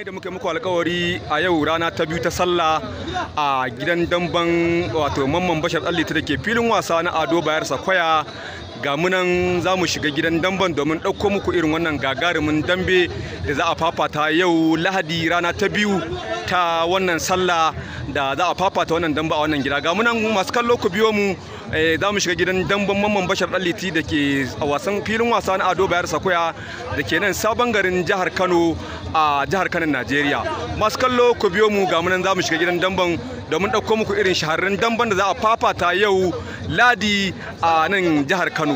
kamar da muke muku alkawari a yau rana ta biyu ta sallah a gidan damban wato mamman bashar allita da ke filin wasa na ado bayar sakwaya ga munan za mu shiga gidan damban domin ɗauko muku irin wannan gagarumin dambe da za a fafata yau lahadi rana ta biyu ta wannan sallah da za a fafata wannan damba a wannan gida ga munan masu kallo ku biyo mu Eh, za mu shiga gidan damban mamman bashar daliti da ke a wasan filin wasa na ado bayar sakwaya da ke nan sabon garin jihar kano a jihar kano najeriya masu kallo ku biyo mu ga munan za mu shiga gidan damban domin ɗauko muku irin shahararren damban da za a fafata yau ladi a nan jihar kano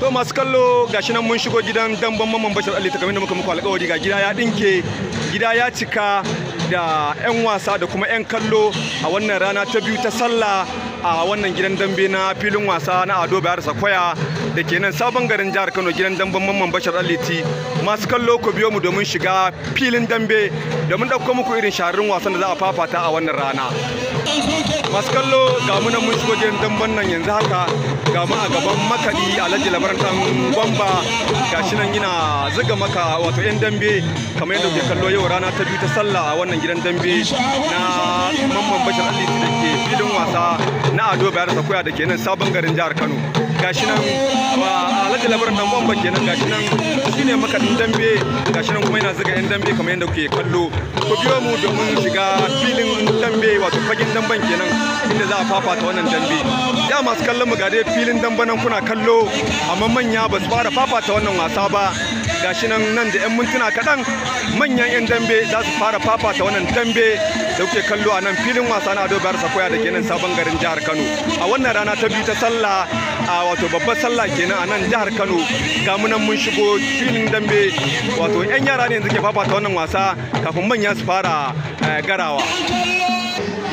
to masu kallo gashi nan mun shigo gidan damban mamman bashar daliti kamar da muka muku alƙawari ga gida ya ɗinke gida ya cika da 'yan wasa da kuma 'yan kallo a wannan rana ta biyu ta sallah a wannan gidan dambe na filin wasa na ado bayar sakwaya da kenan nan sabon garin jihar Kano gidan damben Mamman Bashar Aliti masu kallo ku biyo mu domin shiga filin dambe domin ɗauko muku irin shahararrun wasan da za a fafata a wannan rana. Masu kallo ga mu nan mun shigo gidan damben nan yanzu haka ga mu a gaban makaɗi Alhaji Labarantan Gwamba ga shi nan yana zuga maka wato 'yan dambe kamar yadda ke kallo yau rana ta biyu ta sallah a wannan gidan dambe na Mamman Bashar Aliti da ke filin wasa na Ado Bayar Sakuya da ke nan sabon garin jihar Kano. gashi nan alhaji labarin nan bomba kenan gashi nan shine makaɗin dambe gashi nan kuma yana zuga yan dambe kamar yadda kuke kallo ku biyo mu domin shiga filin dambe wato fagen damben kenan inda za a fafata wannan dambe ya masu kallon mu ga dai filin damben nan kuna kallo amma manya ba su fara fafata wannan wasa ba gashi nan nan da 'yan mintuna kaɗan manyan 'yan dambe za su fara fafata wannan dambe da kuke kallo a nan filin wasa na ado bayar sakoya da ke nan sabon garin jihar kano a wannan rana ta biyu ta sallah a wato babbar sallah kenan a nan jihar Kano ga munan mun shigo filin dambe wato yan yara ne yanzu ke fafata wannan wasa kafin manya su fara eh, garawa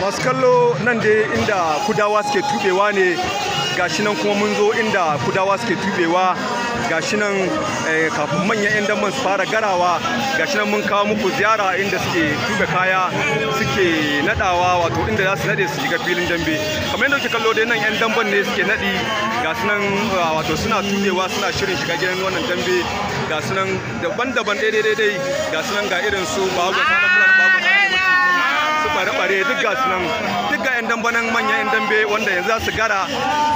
masu kallo nan dai inda kudawa suke tubewa ne gashi nan kuma mun zo inda kudawa suke tubewa gashi nan eh, kafin manyan 'yan damban su fara garawa gashi nan mun kawo muku ziyara inda suke tube kaya suke nadawa wato inda za su nade su shiga filin dambe kamar yadda kuke kallo dai nan 'yan damban ne suke nadi gasu nan wato suna tubewa suna shirin shiga gidan wannan dambe gasu nan daban-daban daidai-daidai gasu nan ga irin su babu kware-kware duk ga su nan duk ga yan dambe manyan yan dambe wanda yanzu za su gara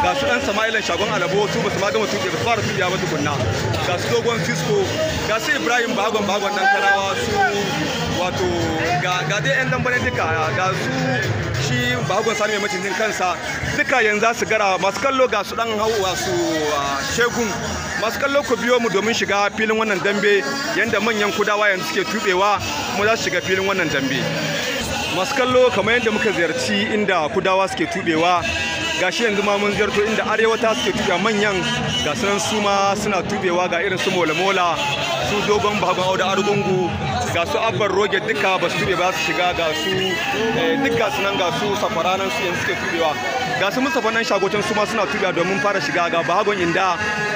ga su dan samailan shagon alabo su ba su ma gama tuƙe su fara tuƙiya ba tukunna ga su dogon cisco ga su ibrahim bagon bagon dan karawa su wato ga ga dai yan dambe duka ga su shi bagon sami mai macin kansa duka yanzu za su gara masu kallo ga su dan hau su shegun masu kallo ku biyo mu domin shiga filin wannan dambe yanda manyan kudawa yanzu suke tubewa kuma za su shiga filin wannan dambe masu kallo kamar yadda muka ziyarci inda kudawa suke tubewa gashi yanzu ma mun ziyarto inda arewata suke tubewa manyan ga sunan su ma suna tubewa ga irin su mola-mola su dogon bagon auda argungu ga su abban roge duka ba su tube ba su shiga ga su eh, duk ga sunan ga su safaranan su yanzu suke tubewa ga su musafa nan shagocin su ma suna tubewa domin fara shiga ga bagon inda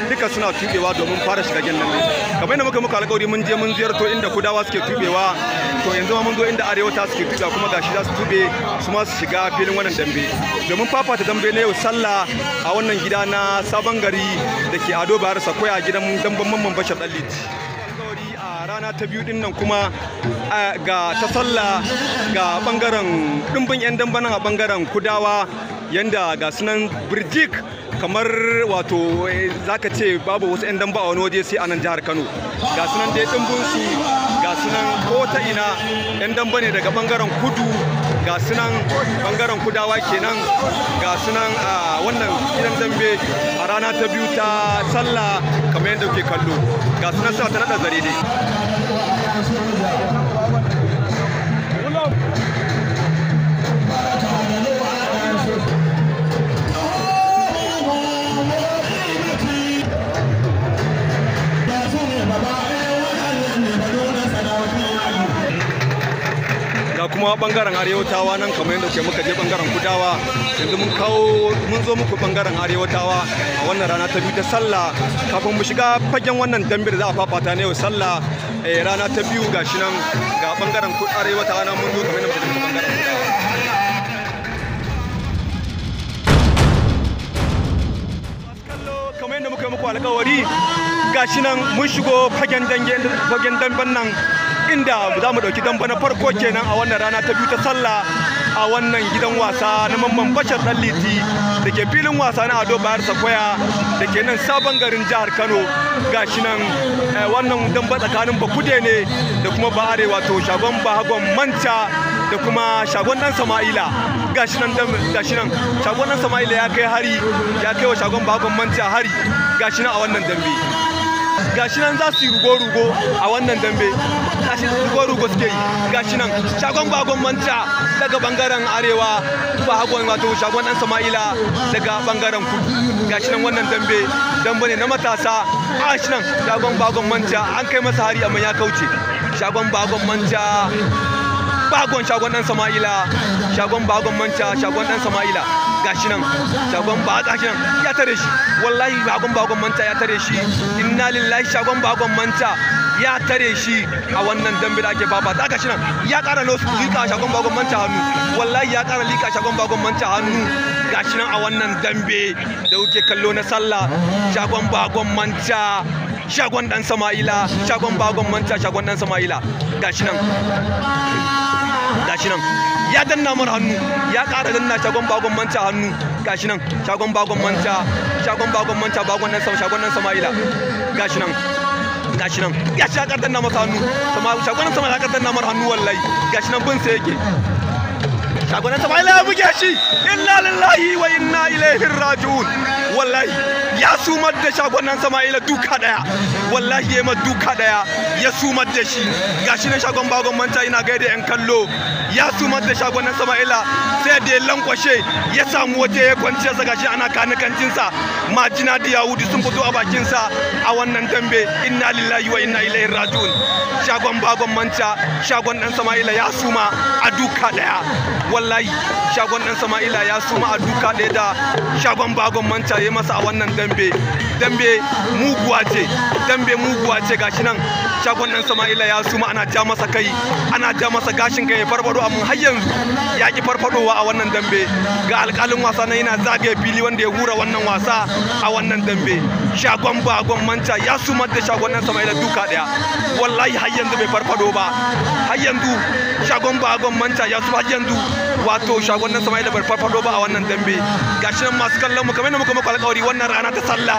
duka suna tubewa domin fara shiga gyan nan kamar yadda muka muka alƙawari mun je mun ziyarto inda kudawa suke tubewa to yanzu mun zo inda arewata suke tubewa kuma gashi za su tube su ma su shiga filin wannan dambe domin fafata dambe na yau sallah a wannan gida na sabon gari da ke ado sa koya gidan damban mamman bashar a rana ta biyu din nan kuma ga ta sallah ga bangaren dimbin yan dambanan a bangaren kudawa yanda ga sunan birjik kamar wato eh, zaka ce babu wasu 'yan damba a wani waje sai a nan jihar kano ga sunan dai dimbin su ga sunan ko ta ina 'yan damba ne daga bangaren kudu ga sunan bangaren kudawa kenan ga sunan a wannan gidan dambe a rana ta biyu ta sallah kamar yadda kuke kallo ga sunan sa ta nada zare dai kuma bangaren arewatawa nan kamar yadda ke muka je bangaren kudawa yanzu mun kawo mun zo muku bangaren arewatawa a wannan rana ta biyu ta sallah kafin mu shiga fagen wannan dambir da za a fafata na yau sallah eh, rana ta biyu ga shi nan ga bangaren arewatawa nan mun zo kamar yadda muka bangaren kudawa kamar yadda muka yi muku alkawari gashi nan mun shigo fagen damben nan inda za mu ɗauki damba na farko kenan a wannan rana ta biyu ta sallah a wannan gidan wasa na mamman bashar dan liti da ke filin wasa na ado bayar sakwaya da ke nan sabon garin jihar kano gashi nan eh, wannan damba tsakanin bakude ne da kuma ba wato shagon bahagon manta da kuma shagon dan sama'ila gashi nan gashi nan shagon dan sama'ila ya kai hari ya kai wa shagon bahagon manta hari gashi nan a wannan dambe gashi nan za su yi rugo-rugo a wannan dambe gashi goro rugo suke yi gashi nan shagon bagon manta daga bangaren arewa ba hagon wato shagon dan sama'ila daga bangaren kudu gashi nan wannan dambe dambe ne na matasa gashi nan shagon bagon manta an kai masa hari amma ya kauce shagon bagon manta bagon shagon dan sama'ila shagon bagon manta shagon dan sama'ila gashi nan shagon ba gashi nan ya tare shi wallahi bagon bagon manta ya tare shi inna lillahi shagon bagon manta ya tare shi a wannan dambe da ake baba ta shi nan ya kara liƙa a shagon bagon manta hannu wallahi ya kara lika shagon bagon manta hannu gashi nan a wannan dambe da kuke kallo na sallah shagon bagon manta shagon dan sama'ila shagon bagon manta shagon dan sama'ila gashi nan gashi nan ya danna mar hannu ya kara danna shagon bagon manta hannu gashi nan shagon bagon manta shagon bagon manta bagon nan sama shagon nan sama'ila gashi nan gashi nan gashi ya kartan na masa hannu sama shagonin sama ya kartan na mar hannu wallahi gashi nan bin sai yake Shagwana ta bayan ya buge shi inna lillahi wa inna ilaihi raji'un wallahi ya sumar da shagonan Sama'ila duka daya wallahi ya ma duka daya ya sumar da shi gashi na shagon bagon manta ina gaida yan kallo ya sumar da shagonan Sama'ila sai da ya lankwashe ya samu waje ya kwance sa gashi ana kanikancin sa majina da yahudi sun fito a bakinsa a wannan tambe inna lillahi wa inna ilaihi raji'un shagon bagon manta shagon dan Sama'ila ya suma a duka daya wallahi wallahi shagon dan sama'ila ya suma a duka ɗaya da shagon bagon manta ya masa a wannan dambe dambe muguwa ce dambe muguwa ce gashi nan shagon dan sama'ila ya suma ana ja masa kai ana ja masa gashin kai farfado amma har yanzu ya ki farfadowa a wannan dambe ga alƙalin wasa na yana zage fili wanda ya hura wannan wasa a wannan dambe shagon bagon manta ya suma da shagon dan sama'ila duka ɗaya wallahi har yanzu bai farfado ba har yanzu shagon bagon manta ya suma har yanzu wato shagon nan samai da bai farfado ba a wannan dambe gashi nan masu kallon mu kamar yadda muka muku alƙawari wannan rana ta sallah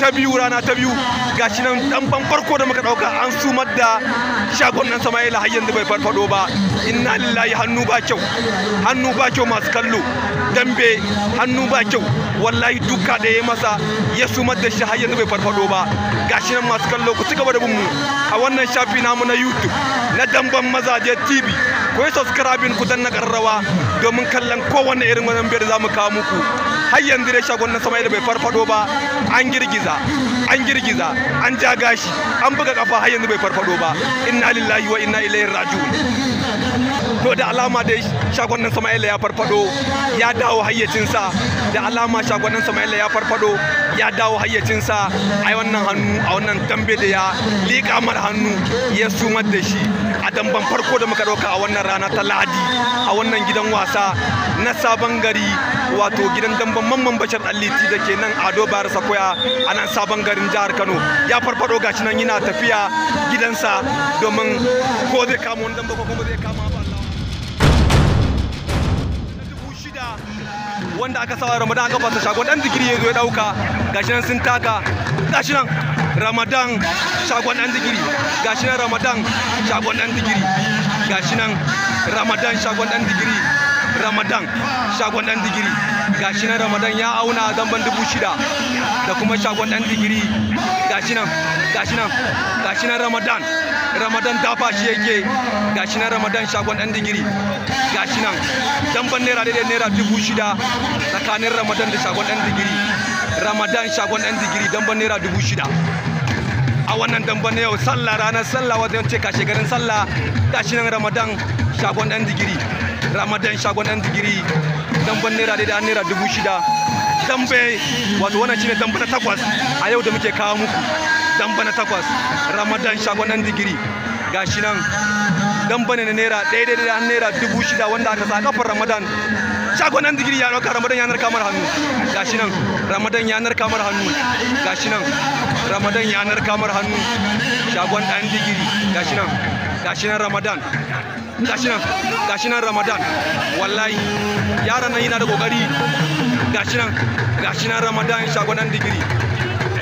ta biyu rana ta biyu gashi nan dan ban farko da muka dauka an sumar da shagon nan samai la har yanzu bai farfado ba inna lillahi hannu ba kyau hannu ba kyau masu kallo dambe hannu ba kyau wallahi duka da ya masa ya sumar da shi har yanzu bai farfado ba gashi nan masu kallo ku ci gaba da bin mu a wannan shafi namu na youtube na damban mazaje tv ku yi subscribing ku danna karrawa domin kallon kowanne irin wannan biyar zamu za mu kawo muku har yanzu dai shagon na sama da bai farfado ba an girgiza an girgiza an ja gashi an buga kafa har yanzu bai farfado ba inna lillahi wa inna ilaihi raji'un to da alama dai shagon Sama'ila ya farfado ya dawo hayyacinsa da alama shagon Sama'ila ya farfado ya dawo hayyacinsa a wannan hannu a wannan dambe da ya liƙa mar hannu ya sumar da shi a damban farko da muka ɗauka a wannan rana ta Lahadi a wannan gidan wasa na sabon gari wato gidan damban mamman bashar aliti da ke nan ado bayar sakwaya a nan sabon garin jihar kano ya farfado gashi nan yana tafiya gidansa domin ko zai kama wani damba ko kuma zai kama ba wanda aka sawa ramadan aka fasa shagon dan zikiri ya zo ya dauka gashi nan sun taka gashi nan ramadan shagon dan zikiri gashi nan ramadan shagon dan zikiri gashi nan ramadan shagon dan zikiri ramadan shagon dan digiri gashi nan ramadan ya auna damban dubu shida da kuma shagon dan digiri gashi nan gashi nan gashi nan ramadan ramadan ta shi yake gashi nan ramadan shagon dan digiri gashi nan damban naira daidai naira dubu shida tsakanin ramadan da shagon dan digiri ramadan shagon dan digiri damban naira dubu shida a wannan damban na yau sallah ranar sallah wajen ce kashe garin sallah gashi nan ramadan shagon dan digiri ramadan shagon ɗan digiri damben naira daidai naira dubu shida dambe wato wannan shine dambe na takwas a yau da muke kawo muku dambe na takwas ramadan shagon ɗan digiri gashi nan dambe na naira daidai da naira dubu shida wanda aka sa kafar ramadan shagon ɗan digiri ya roka ramadan ya kamar hannu gashi nan ramadan yanar kamar hannu gashi nan ramadan yanar kamar hannu shagon ɗan digiri gashi nan gashi nan ramadan gashi nan ramadan wallahi yaran nan yana da kokari gashi nan gashi nan ramadan shagonan digiri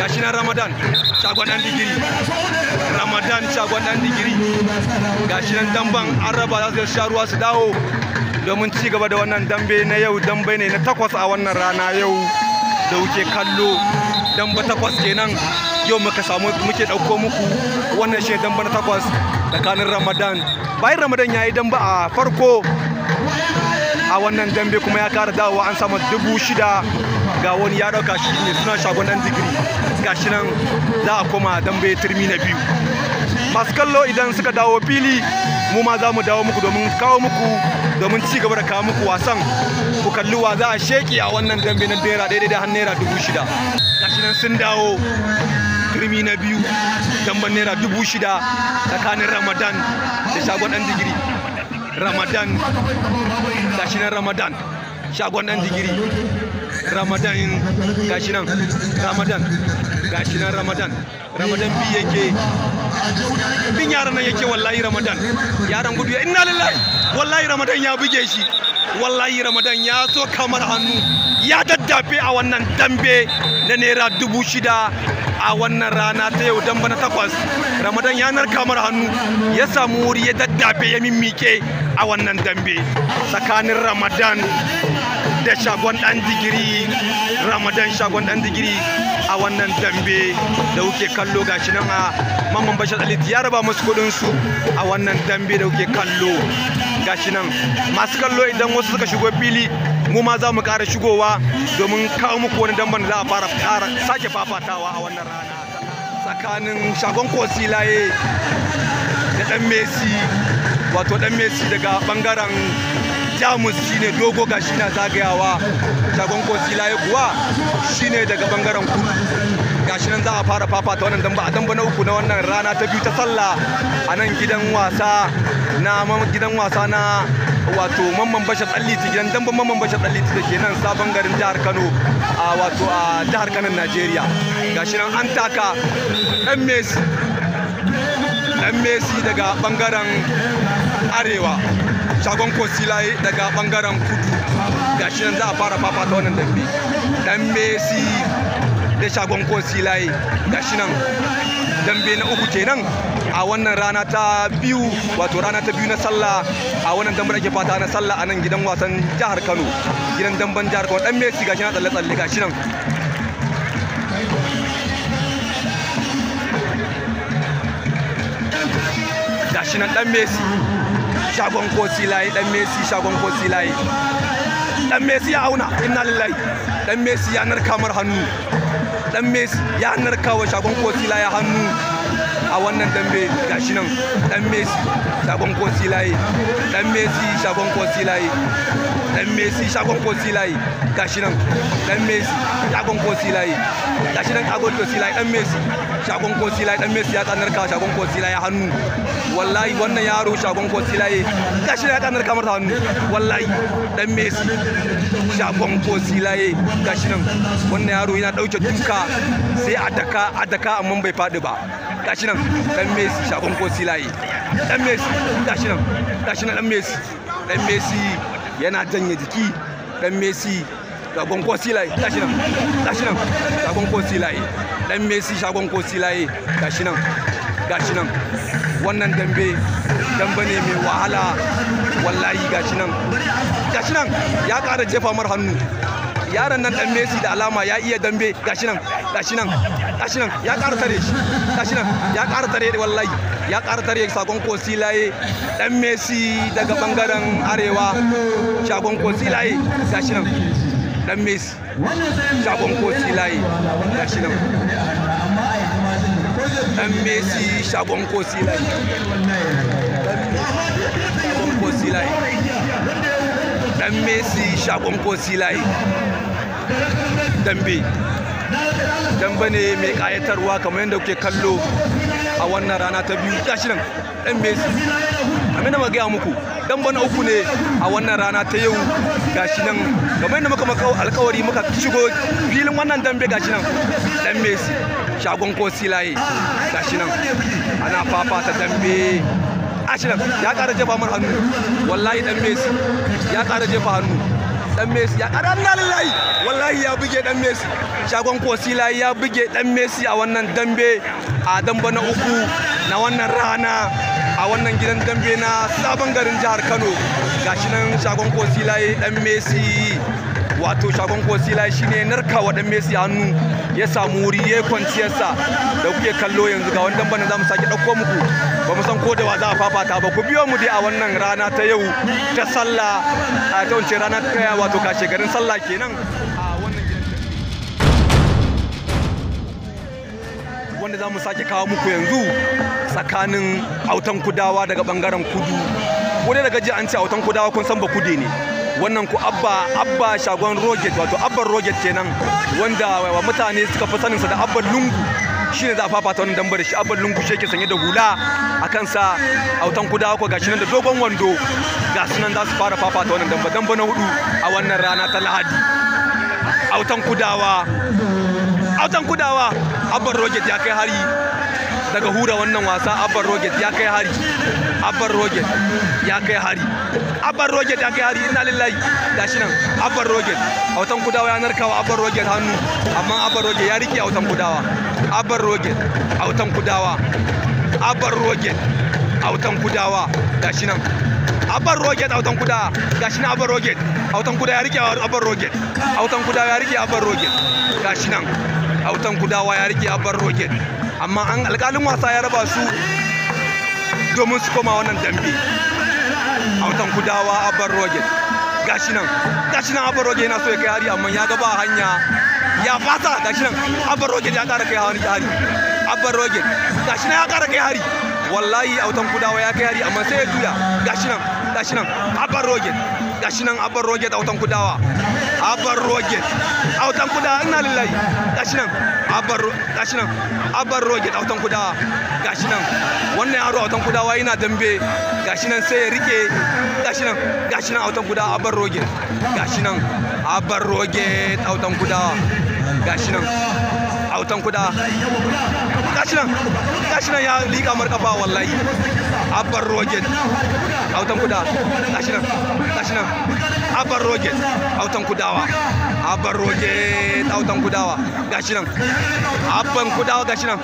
gashi nan ramadan shagonan digiri ramadan shagonan digiri gashi nan damban an raba za su sha ruwa su dawo domin ci gaba da wannan dambe na yau dambe ne na takwas a wannan rana yau da wuce kallo damba takwas kenan yau muka samu muke ɗauko muku wannan shi damba na takwas tsakanin ramadan bayan ramadan ya yi ba a farko a wannan dambe kuma ya kara dawowa an sama dubu shida ga wani ya ɗauka shi ne suna shagon nan digiri gashi nan za a koma dambe turmi na biyu masu kallo idan suka dawo fili mu ma za mu dawo muku domin kawo muku domin ci gaba da kawo muku wasan ku kalli wa za a sheki a wannan dambe na naira daidai da har naira dubu shida gashi nan sun dawo digiri na biyu tamban naira dubu shida tsakanin ramadan da shagon ɗan digiri ramadan gashi nan ramadan shagon ɗan digiri ramadan gashi nan ramadan gashi nan ramadan ramadan bi yake bin yaran nan yake wallahi ramadan yaran gudu ya inna lillahi wallahi ramadan ya buge shi wallahi ramadan ya so kamar hannu ya daddafe a wannan dambe na naira dubu shida a wannan rana ta yau damba na takwas ramadan ya kamar hannu ya samu wuri ya daddafe ya mimike a wannan dambe tsakanin ramadan da shagon dan digiri ramadan shagon dan digiri a wannan dambe da kuke kallo gashi nan a mamman bashar ali ya raba musu kudinsu su a wannan dambe da kuke kallo gashi nan masu kallo idan wasu suka shigo fili mu ma za mu ƙara shigowa domin kawo muku wani damban za a fara ƙara sake fafatawa a wannan rana tsakanin shagon kosilaye da dan messi wato dan messi daga bangaren jamus shine dogo gashi na zagayawa shagon kosilaye kuwa shine daga bangaren kudu gashi nan za a fara fafata wannan damba a damba na uku na wannan rana ta biyu ta sallah a nan gidan wasa na gidan wasa na wato mamman bashar tsalliti gidan damban mamman bashar tsalliti da ke nan sabon garin jihar kano a wato a jihar kano najeriya gashi nan an taka ɗan messi daga ɓangaren arewa shagon kosilaye daga ɓangaren kudu gashi nan za a fara fafata wannan dambe ɗan messi da shagon kosilaye gashi nan dambe na uku kenan a wannan rana ta biyu wato rana ta biyu na sallah a wannan dambe ake fata na sallah a nan gidan wasan jihar Kano gidan damben jihar Kano dan Messi gashi na tsalle tsalle gashi nan gashi nan dan Messi shagon kosi layi dan Messi shagon kosi layi dan Messi ya auna inna lillahi dan Messi ya narka mar hannu dan Messi ya narka wa shagon kosila ya hannu a wannan dambe gashi nan dan messi shagon kosi layi dan messi shagon kosi layi dan messi shagon kosi layi gashi nan dan messi shagon kosi layi gashi nan agon kosi layi dan messi shagon kosi layi dan messi ya tsanar ka shagon kosi layi hannu wallahi wannan yaro shagon kosi layi gashi nan ya tsanar kamar hannu wallahi dan messi shagon kosi layi gashi nan wannan yaro yana dauke duka sai a daka a daka amma bai fadi ba gashi nan dan messi shagon ko silaye dan messi gashi nan gashi nan dan messi dan messi yana janye jiki dan messi shagon ko silaye gashi nan gashi nan shagon ko silaye dan messi shagon ko silaye gashi nan gashi nan wannan dambe damba ne mai wahala wallahi gashi nan gashi nan ya kara jefa mar hannu yaron nan dan Messi da alama ya iya dambe gashi nan gashi nan gashi nan ya ƙara tare shi gashi nan ya ƙara tare wallahi ya ƙara tare shagon kosilaye dan messi daga bangaren arewa shagon kosilaye gashi nan dan messi shagon kosilaye gashi nan dan messi shagon kosilaye shagon kosilaye dan messi shagon kosilaye dambe damba ne mai kayatarwa kamar yadda kuke kallo a wannan rana ta biyu gashi nan dan messi amina ma gaya muku damba na uku ne a wannan rana ta yau gashi nan kamar yadda muka maka alkawari muka shigo filin wannan dambe gashi nan dan messi shagon ko silaye gashi nan ana fafata dambe ashirin ya kara jefa mun hannu wallahi dan messi ya kara jefa hannu dan Messi ya karanna lillahi wallahi ya buge dan Messi shagon Kosila ya buge dan Messi a wannan dambe a damba na uku na wannan rana a wannan gidan dambe na sabon garin jihar Kano gashi nan shagon Kosila dan Messi wato shagon kosila ne narka wa dan Messi hannu ya samu wuri ya kwanciyarsa da kuke kallo yanzu ga wani damban za mu sake ɗauko muku ba mu san ko da wa za a fafata ba ku biyo mu dai a wannan rana ta yau ta sallah a ta wance rana ta wato kashe garin sallah kenan wanda za mu sake kawo muku yanzu tsakanin autan kudawa daga bangaren kudu ko dai daga ji an ce autan kudawa kun san ba kude ne wannan ku abba abba shagon roget wato abban roget kenan wanda mutane suka fi saninsa da abban lungu shi ne za a fafata wannan dambar shi abban lungu shi yake sanye da hula a kansa autan kuda ko gashi nan da dogon wando ga sunan za su fara fafata wannan damba damba na hudu a wannan rana ta lahadi autan kudawa autan kudawa abban roget ya kai hari daga hura wannan wasa abban roget ya kai hari abar roget ya kai hari abar roget ya kai hari ina lillahi gashi nan abban roget autan kudawa ya narkawa abar roget hannu amma abar roget ya rike autan kudawa abban roget autan kudawa abban roget autan kudawa gashi nan abban roget autan kudawa gashi nan abban roget autan kudawa ya rike abban roget autan kudawa ya rike abban roget gashi nan autan kudawa ya rike abar roget amma an alƙalin wasa ya raba su domin su koma wannan dambe a watan kudawa abar roget gashi nan gashi nan yana so ya kai hari amma ya gaba hanya ya fasa gashi nan abar ya kara kai hari abar roget gashi nan ya kara kai hari wallahi a watan kudawa ya kai hari amma sai ya juya gashi nan gashi nan abar roget gashi nan a watan kudawa abar gate autan kuda ina lillahi gashi nan abar gashi nan abar gate autan kuda gashi nan wannan yaro autan kuda wa yana dambe gashi nan sai ya rike gashi nan gashi nan autan kuda abar gate gashi nan abar gate autan kuda gashi nan autan kuda gashi nan gashi nan ya liƙa markaba wallahi abar gate autan kuda gashi nan gashi nan abar roge autan kudawa abar roge autan kudawa gashi nan abban kudawa gashi nan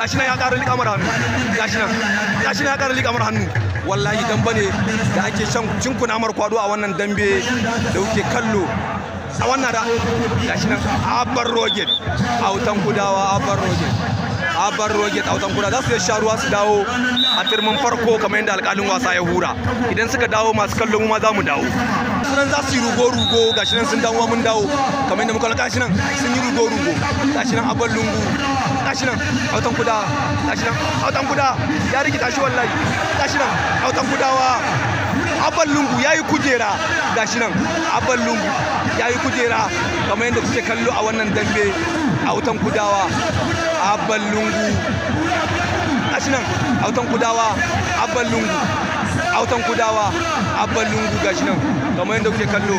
gashi nan ya ƙara liƙa mara hannu gashi nan gashi nan ya ƙara liƙa mara hannu wallahi damba ne da ake shan cinkuna mar kwado a wannan dambe da kuke kallo a wannan da gashi nan abar roge autan kudawa abar roge abar roge autan kudawa za su sha sharuwa su dawo a turmin farko kamar yadda alƙalin wasa ya hura idan suka dawo masu kallon ma za mu dawo su nan za su yi rugo-rugo shi nan sun dawo mun dawo kamar yadda muka kalla gashi nan sun yi rugo-rugo gashi nan abon lungu gashi nan autan kuda gashi nan autan kuda ya rikita shi wallahi gashi nan autan kudawa abon lungu ya yi kujera gashi nan abon lungu ya yi kujera kamar yadda kuke kallo a wannan dambe autan kudawa abon lungu gashi nan autan kudawa abon lungu autan kudawa abban lungu gashi nan kamar yadda kuke kallo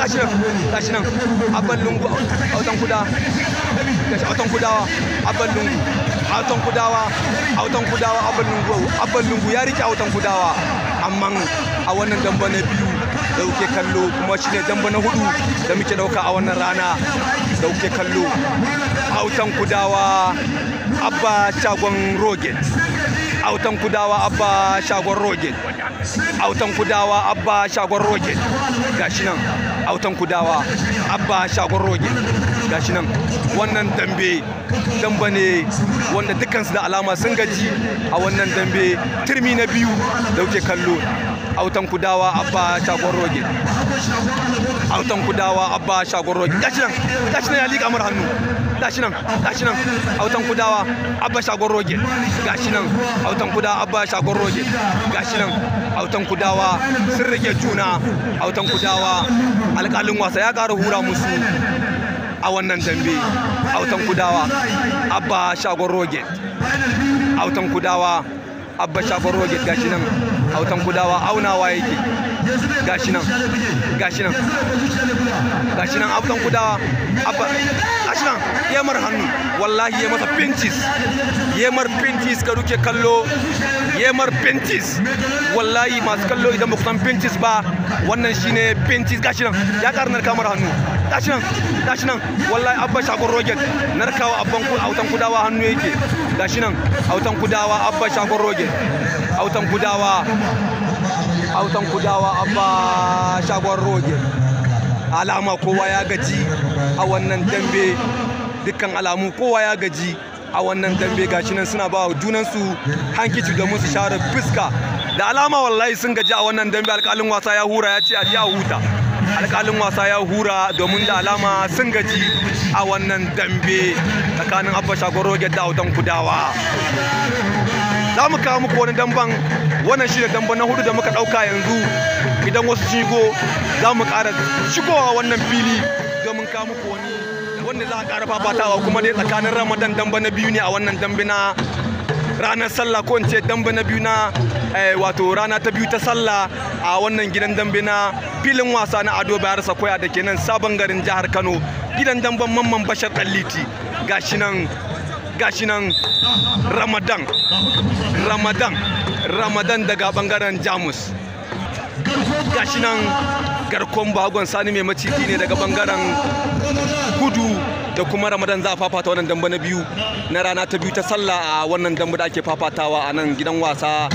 gashi nan gashi nan abban lungu autan kudawa gashi autan kudawa abban lungu autan kudawa autan kudawa abban lungu abban lungu ya rike autan kudawa amma a wannan damba na biyu da kuke kallo kuma shine damba na hudu da muke dauka a wannan rana da kuke kallo autan kudawa abba shagon rogen. autan kudawa abba shagon rogin autan kudawa abba shagon rogin gashi nan autan kudawa abba shagon rogin gashi nan wannan dambe damba ne wanda dukansu da alama sun gaji a wannan dambe turmi na biyu da kuke kallo autan kudawa abba shagon rogin autan kudawa abba shagon rogin gashi nan gashi nan ya liƙa mara hannu gashi nan gashi nan autan kudawa abba shagon roge gashi nan autan kudawa abba shagon roge gashi nan autan kudawa sun rage juna autan kudawa alƙalin wasa ya ƙara hura musu a wannan dambe autan kudawa abba shagon roge autan kudawa abba shagon roge gashi nan autan kudawa aunawa yake gashi nan gashi nan gashi nan autan kudawa abba gashi nan mar hannu wallahi ya masa pinches yamar mar pinches ka duke kallo yamar mar pinches wallahi masu kallo idan ba ku san pinches ba wannan shine pinches gashi nan ya ƙara narka mara hannu gashi nan gashi nan wallahi abba shagon roget narkawa abban ku autan kudawa hannu yake gashi nan autan kudawa abba shagon roget autan kudawa autan kudawa abba shakur roget alama kowa ya gaji a wannan dambe dukkan alamu kowa ya gaji a wannan dambe gashi nan suna ba wa junansu hankici domin su share fuska da alama wallahi sun gaji a wannan dambe alƙalin wasa ya hura ya ce a ji a huta alƙalin wasa ya hura domin da alama sun gaji a wannan dambe tsakanin abba shagoro da autan kudawa za mu kawo muku wani damban wannan shi da damban na hudu da muka ɗauka yanzu idan wasu shigo za mu ƙara shigowa wannan fili domin kawo muku wani wanda za a ƙara fafatawa kuma dai tsakanin ramadan damba na biyu ne a wannan dambe na ranar sallah ko in ce damba na biyu na eh, wato rana ta biyu ta sallah a wannan gidan dambe na filin wasa na ado bayar sakoya da ke nan sabon garin jihar kano gidan damban mamman bashar ɗan ga gashi nan gashi nan ramadan ramadan ramadan daga bangaren jamus gashi nan garkon bagon sani mai maciji ne daga bangaren kudu da kuma ramadan za a fafata wannan damba na biyu na rana ta biyu ta sallah a wannan damba da ake fafatawa a nan gidan wasa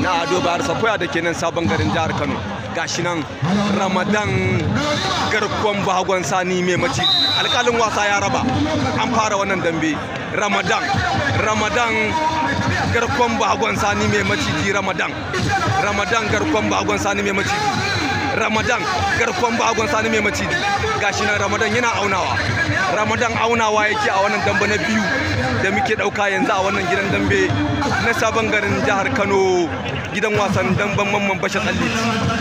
na ado bayar safoya da ke nan sabon garin jihar kano gashi nan ramadan garkon bagon sani mai maciji alkalin wasa ya raba an fara wannan dambe ramadan ramadan garkon bagon sani mai maciji ramadan ramadan garkon bagon sani mai maciji ramadan garkon bagon sani mai maciji gashi nan ramadan yana aunawa ramadan aunawa yake a wannan damba na biyu da muke dauka yanzu a wannan gidan dambe na sabon garin jihar kano gidan wasan damban mamman bashar alit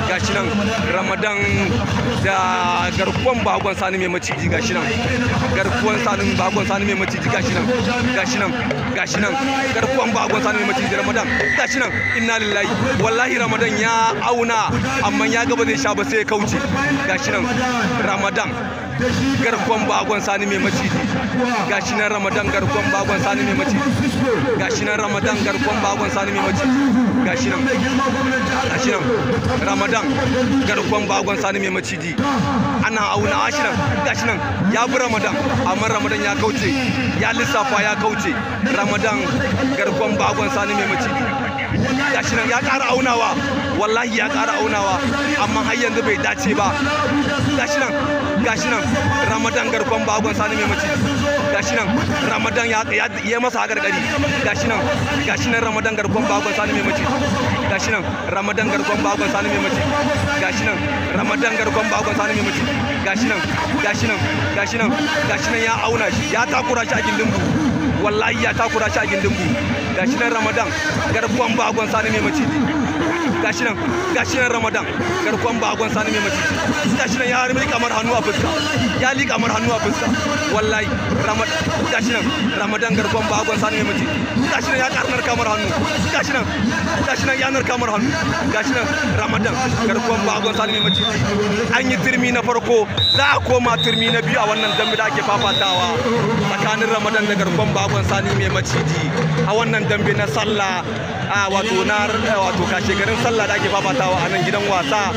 gashi nan ramadan da garkuwan bagon sani mai maciji gashi nan garkuwan sani bagon sani mai maciji gashi nan gashi nan gashi nan garkuwan bagon sani mai maciji ramadan gashi nan inna lillahi wallahi ramadan ya auna amma ya gaba zai sha ba sai ya kauce gashi nan ramadan garkon bagon sani mai maciji gashi nan ramadan garkon bagon sani mai maciji gashi nan ramadan garkon bagon sani mai maciji gashi nan gashi nan ramadan garkon bagon sani mai maciji ana auna ashirin gashi nan ya bi ramadan amma ramadan ya kauce ya lissafa ya kauce ramadan garkon bagon sani mai maciji gashi nan ya kara aunawa wallahi ya kara aunawa amma har yanzu bai dace ba gashi nan gashi nan ramadan garkon bagon sani mai mace gashi nan ramadan ya yi masa gargadi gashi nan gashi nan ramadan garkon bagon sani mai mace gashi nan ramadan garkon bagon sani mai mace gashi nan ramadan garkon bagon sani mai mace gashi nan gashi nan gashi nan gashi nan ya auna shi ya takura shi a gindin wallahi ya takura shi a gindin gashi nan ramadan garbuwan bagon sani mai mace gashi nan gashi nan ramadan garkon bagon sani mai mace gashi nan ya rika kamar hannu a fuska ya li kamar hannu a fuska wallahi ramadan gashi nan ramadan garkon bagon sani mai mace gashi nan ya karnar kamar hannu gashi nan gashi nan ya nar kamar hannu gashi nan ramadan garkon bagon sani mai mace an yi turmi na farko za a koma turmi na biyu a wannan dambe da ake fafatawa tsakanin ramadan da garkon bagon sani mai maciji a wannan dambe na sallah a wato na wato kashe garin sallah Allah da ake fafatawa a nan gidan wasa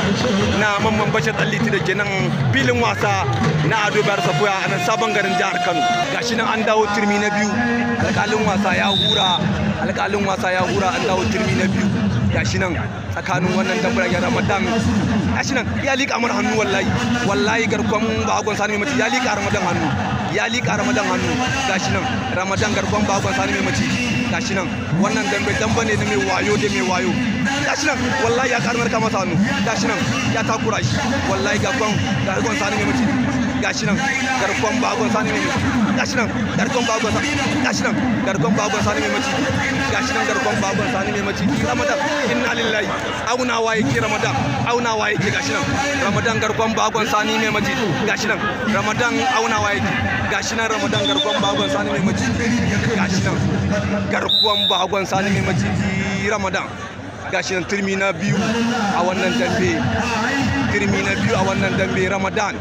na mamman bashar ɗalliti da ke nan filin wasa na ado bayar safuya a nan sabon garin jihar Kano gashi nan an dawo turmi na biyu alƙalin wasa ya hura alƙalin wasa ya hura an dawo turmi na biyu gashi nan tsakanin wannan tambura ya ramadan gashi nan ya liƙa mana hannu wallahi wallahi garkon ba agon sani mai ya liƙa ramadan hannu ya liƙa ramadan hannu gashi nan ramadan garkon bakon sani mai mace gashi nan wannan dambe damba ne mai wayo da mai wayo gashi nan wallahi ya karmar kama hannu gashi nan ya takura shi wallahi garkon garkon sani mai mace gashi nan garkon bagon sani mai gashi nan garkon bagon sani gashi nan garkon bagon sani mai maci gashi nan garkon bagon sani mai maci ramadan inna lillahi aunawa yake ramadan aunawa yake gashi nan ramadan garkon bagon sani mai maci gashi nan ramadan aunawa yake gashi nan ramadan garkon bagon sani mai maci gashi nan garkon bagon sani mai ramadan gashi nan turmi na biyu a wannan dambe girmi na biyu a wannan dambe ramadan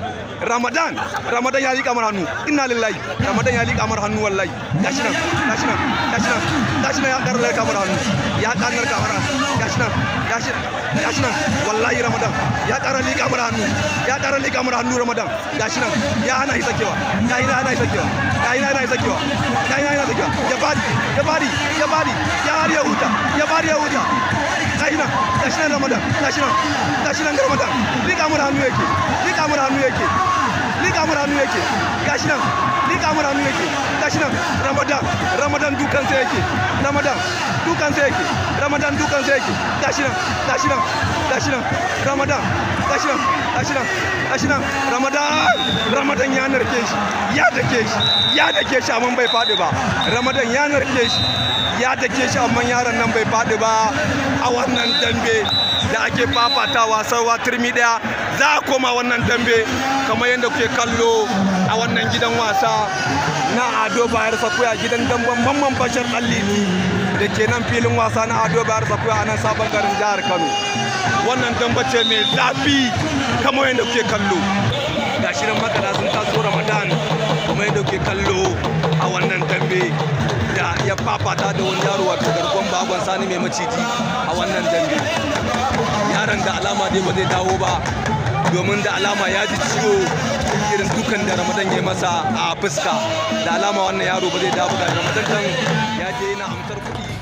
ramadan ramadan ya liƙa mar hannu inna lillahi ramadan ya liƙa mar hannu wallahi gashi nan gashi nan gashi nan gashi nan ya ƙara liƙa mar hannu ya ƙara liƙa mar hannu gashi nan gashi gashi nan wallahi ramadan ya ƙara liƙa mar hannu ya ƙara liƙa mar hannu ramadan gashi nan ya hana isa kewa ya hana hana isa kewa ya hana hana isa kewa ya hana hana isa kewa ya bari ya bari ya bari ya har ya huta ya bari ya huta tashina tashina gashi nan ramadan gashi nan gashi nan ramadan liƙa mu hannu yake liƙa mu da hannu yake liƙa mu da hannu yake gashi nan liƙa hannu yake gashi nan ramadan ramadan dukan sa yake ramadan dukan sa yake ramadan dukan sa yake tashina tashina gashi ramadan gashi nan gashi nan ramadan ramadan ya narke shi ya dake shi ya dake shi amma bai faɗi ba ramadan ya narke shi ya dake shi amma yaron nan bai faɗi ba a wannan dambe da ake fafatawa sarwa turmi daya za a koma wannan dambe kamar yadda kuke kallo a wannan gidan wasa na ado bayar sakuya gidan damben mamman bashar ɗan da ke nan filin wasa na ado bayar sakuya a nan sabon garin jihar kano wannan ce mai zafi kamar yadda kuke kallo ga shirin makana sun taso ramadan kamar yadda kuke kallo a wannan dambe da ya fafata da wani yaro wato garkon bagon sani mai maciji a wannan dambe yaron da alama dai ba zai dawo ba domin da alama ya ji ciwo irin dukan da ramadan ya masa a fuska da alama wannan yaro ba zai dawo da ramadan ya je yana amsar kuɗi